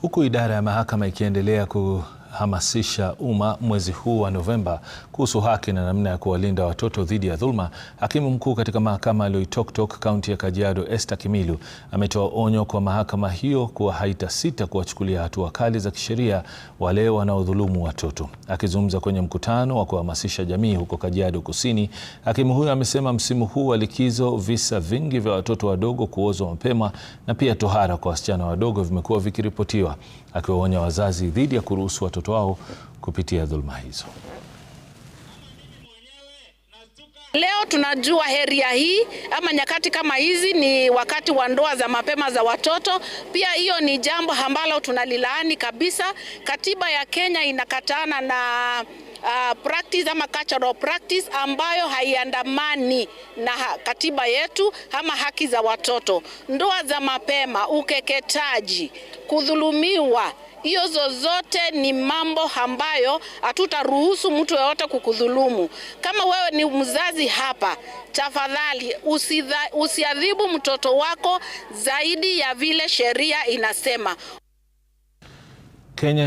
Huku idara ya mahakama ikiendelea ku inahamasisha umma mwezi huu wa Novemba kuhusu haki na namna ya kuwalinda watoto dhidi ya dhuluma, hakimu mkuu katika mahakama ya kaunti ya Kajiado Esther Kimilu ametoa onyo kwa mahakama hiyo kuwa haitasita kuwachukulia hatua kali za kisheria wale wanaodhulumu watoto. Akizungumza kwenye mkutano wa kuhamasisha jamii huko Kajiado Kusini, hakimu huyo amesema msimu huu wa likizo visa vingi vya watoto wadogo kuozwa mapema na pia tohara kwa wasichana wadogo vimekuwa vikiripotiwa, akiwaonya wazazi dhidi ya kuruhusu watoto watoto wao kupitia dhuluma hizo. Leo tunajua heria hii ama nyakati kama hizi ni wakati wa ndoa za mapema za watoto. Pia hiyo ni jambo ambalo tunalilaani kabisa. Katiba ya Kenya inakatana na uh, practice ama cultural practice ambayo haiandamani na katiba yetu ama haki za watoto. Ndoa za mapema, ukeketaji, kudhulumiwa hiyo zozote ni mambo ambayo hatutaruhusu mtu yeyote kukudhulumu. Kama wewe ni mzazi hapa, tafadhali usiadhibu mtoto wako zaidi ya vile sheria inasema. Kenya